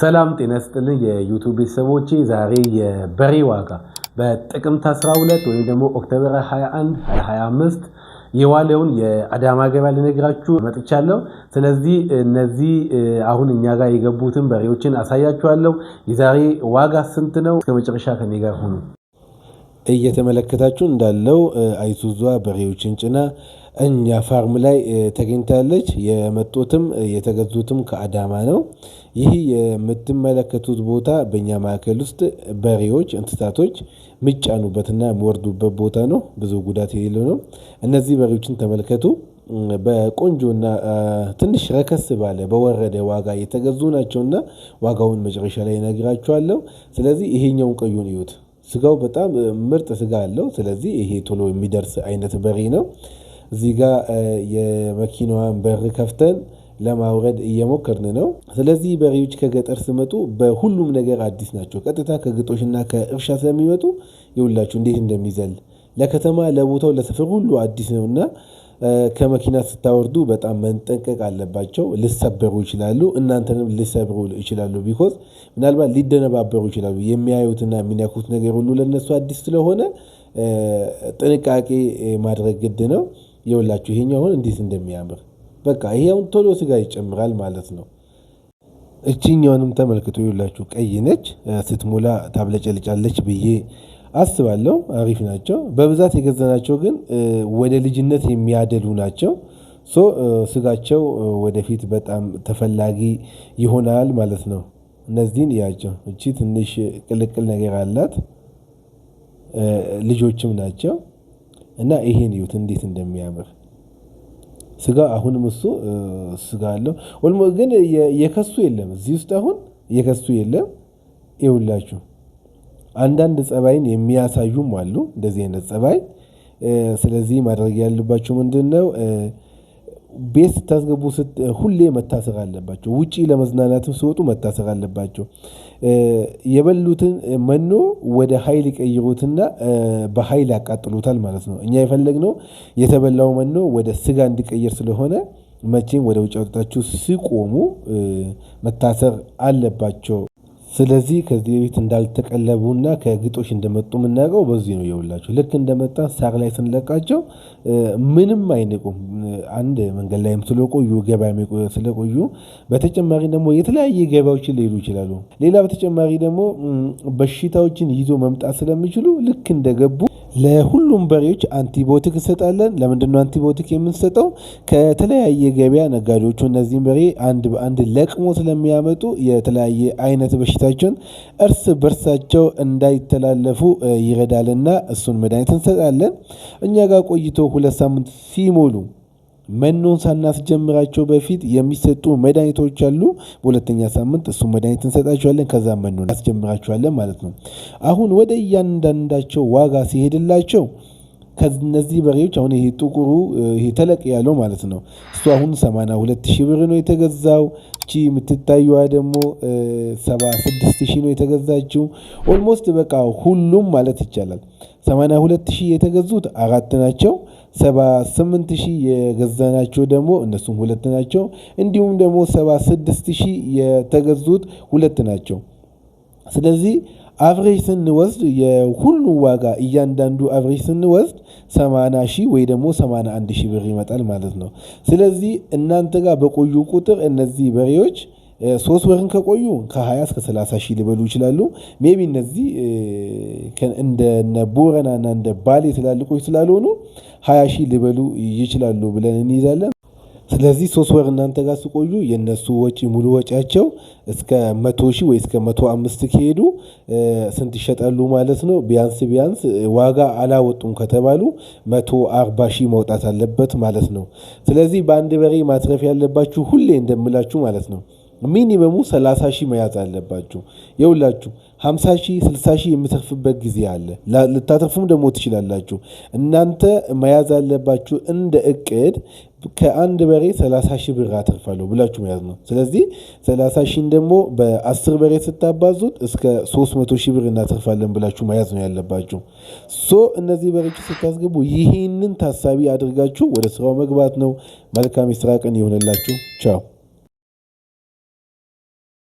ሰላም ጤና ስጥልን የዩቱብ ቤተሰቦቼ፣ ዛሬ የበሬ ዋጋ በጥቅምት 12 ወይም ደግሞ ኦክቶበር 21 25 የዋለውን የአዳማ ገበያ ልነግራችሁ መጥቻለሁ። ስለዚህ እነዚህ አሁን እኛ ጋር የገቡትን በሬዎችን አሳያችኋለሁ። የዛሬ ዋጋ ስንት ነው? እስከ መጨረሻ ከኔ ጋር ሁኑ። እየተመለከታችሁ እንዳለው አይሱዟ በሬዎችን ጭና እኛ ፋርም ላይ ተገኝታለች። የመጡትም የተገዙትም ከአዳማ ነው። ይህ የምትመለከቱት ቦታ በእኛ ማዕከል ውስጥ በሬዎች፣ እንስሳቶች የሚጫኑበትና የሚወርዱበት ቦታ ነው። ብዙ ጉዳት የሌለው ነው። እነዚህ በሬዎችን ተመልከቱ። በቆንጆና ትንሽ ረከስ ባለ በወረደ ዋጋ የተገዙ ናቸውና ዋጋውን መጨረሻ ላይ ነግራችኋለሁ። ስለዚህ ይሄኛውን ቀዩን እዩት። ስጋው በጣም ምርጥ ስጋ አለው። ስለዚህ ይሄ ቶሎ የሚደርስ አይነት በሬ ነው። እዚህ ጋር የመኪናዋን በር ከፍተን ለማውረድ እየሞከርን ነው። ስለዚህ በሬዎች ከገጠር ስመጡ በሁሉም ነገር አዲስ ናቸው። ቀጥታ ከግጦሽና ከእርሻ ስለሚመጡ ይውላችሁ እንዴት እንደሚዘል ለከተማ ለቦታው ለሰፈር ሁሉ አዲስ ነውእና። ከመኪና ስታወርዱ በጣም መንጠንቀቅ አለባቸው። ልሰበሩ ይችላሉ፣ እናንተንም ልሰብሩ ይችላሉ። ቢኮዝ ምናልባት ሊደነባበሩ ይችላሉ። የሚያዩትና የሚነኩት ነገር ሁሉ ለነሱ አዲስ ስለሆነ ጥንቃቄ ማድረግ ግድ ነው። የውላችሁ ይሄኛው አሁን እንዴት እንደሚያምር በቃ ይሄ አሁን ቶሎ ስጋ ይጨምራል ማለት ነው። እችኛውንም ተመልክቶ የውላችሁ ቀይ ነች ስትሞላ ታብለጨልጫለች ብዬ አስባለሁ። አሪፍ ናቸው። በብዛት የገዛናቸው ግን ወደ ልጅነት የሚያደሉ ናቸው። ሶ ስጋቸው ወደፊት በጣም ተፈላጊ ይሆናል ማለት ነው። እነዚህን እያቸው። እቺ ትንሽ ቅልቅል ነገር አላት። ልጆችም ናቸው እና ይሄን እዩት እንዴት እንደሚያምር ስጋ። አሁንም እሱ ስጋ አለው ግን የከሱ የለም እዚህ ውስጥ አሁን የከሱ የለም። ይውላችሁ አንዳንድ ጸባይን የሚያሳዩም አሉ እንደዚህ አይነት ጸባይ። ስለዚህ ማድረግ ያለባችሁ ምንድን ነው? ቤት ስታስገቡ ሁሌ መታሰር አለባቸው። ውጪ ለመዝናናትም ሲወጡ መታሰር አለባቸው። የበሉትን መኖ ወደ ኃይል ይቀይሩትና በኃይል ያቃጥሉታል ማለት ነው። እኛ የፈለግነው የተበላው መኖ ወደ ስጋ እንዲቀየር ስለሆነ መቼም ወደ ውጭ አውጥታችሁ ሲቆሙ መታሰር አለባቸው ስለዚህ ከዚህ በፊት እንዳልተቀለቡና ከግጦሽ እንደመጡ የምናውቀው በዚህ ነው። የውላቸው ልክ እንደመጣ ሳር ላይ ስንለቃቸው ምንም አይንቁም። አንድ መንገድ ላይም ስለቆዩ ገበያ ስለቆዩ፣ በተጨማሪ ደግሞ የተለያየ ገበያዎችን ሊሄዱ ይችላሉ። ሌላ በተጨማሪ ደግሞ በሽታዎችን ይዞ መምጣት ስለሚችሉ ልክ እንደገቡ ለሁሉም በሬዎች አንቲቢዮቲክ እንሰጣለን። ለምንድን ነው አንቲቢዮቲክ የምንሰጠው? ከተለያየ ገበያ ነጋዴዎቹ እነዚህም በሬ አንድ በአንድ ለቅሞ ስለሚያመጡ የተለያየ አይነት በሽታቸውን እርስ በርሳቸው እንዳይተላለፉ ይረዳልና እሱን መድኃኒት እንሰጣለን። እኛ ጋር ቆይቶ ሁለት ሳምንት ሲሞሉ መኖን ሳናስጀምራቸው በፊት የሚሰጡ መድኃኒቶች አሉ። በሁለተኛ ሳምንት እሱ መድኃኒት እንሰጣቸዋለን። ከዛ መኖ እናስጀምራቸዋለን ማለት ነው። አሁን ወደ እያንዳንዳቸው ዋጋ ሲሄድላቸው ከነዚህ በሬዎች አሁን ይሄ ጥቁሩ ይሄ ተለቅ ያለው ማለት ነው። እሱ አሁን 82 ሺህ ብር ነው የተገዛው። እቺ የምትታየዋ ደግሞ 76 ሺህ ነው የተገዛችው። ኦልሞስት በቃ ሁሉም ማለት ይቻላል 82 ሺህ የተገዙት አራት ናቸው። 78 ሺህ የገዛናቸው ደግሞ እነሱም ሁለት ናቸው። እንዲሁም ደግሞ 76 ሺህ የተገዙት ሁለት ናቸው። ስለዚህ አቨሬጅ ስንወስድ የሁሉ ዋጋ እያንዳንዱ አቨሬጅ ስንወስድ 80 ሺህ ወይ ደግሞ 81 ሺህ ብር ይመጣል ማለት ነው። ስለዚህ እናንተ ጋር በቆዩ ቁጥር እነዚህ በሬዎች ሶስት ወርን ከቆዩ ከ20 እስከ 30 ሺህ ሊበሉ ይችላሉ። ሜቢ እነዚህ እንደነ ቦረናና እንደ ባሌ ትላልቆች ስላልሆኑ 20 ሺህ ሊበሉ ይችላሉ ብለን እንይዛለን። ስለዚህ ሶስት ወር እናንተ ጋር ስቆዩ የእነሱ ወጪ ሙሉ ወጪያቸው እስከ መቶ ሺህ ወይ እስከ መቶ አምስት ከሄዱ ስንት ይሸጣሉ ማለት ነው? ቢያንስ ቢያንስ ዋጋ አላወጡም ከተባሉ መቶ አርባ ሺህ መውጣት አለበት ማለት ነው። ስለዚህ በአንድ በሬ ማትረፍ ያለባችሁ ሁሌ እንደምላችሁ ማለት ነው ሚኒመሙ 30 ሺህ መያዝ አለባችሁ። የውላችሁ 50 ሺህ 60 ሺህ የምትርፍበት ጊዜ አለ። ልታተርፉም ደግሞ ትችላላችሁ። እናንተ መያዝ አለባችሁ እንደ እቅድ ከአንድ በሬ 30 ሺህ ብር አተርፋለሁ ብላችሁ መያዝ ነው። ስለዚህ 30 ሺህን ደግሞ በ10 በሬ ስታባዙት እስከ 300 ሺህ ብር እናተርፋለን ብላችሁ መያዝ ነው ያለባችሁ። ሶ እነዚህ በሬዎች ስታስገቡ ይህንን ታሳቢ አድርጋችሁ ወደ ስራው መግባት ነው። መልካም የስራ ቀን ይሆንላችሁ። ቻው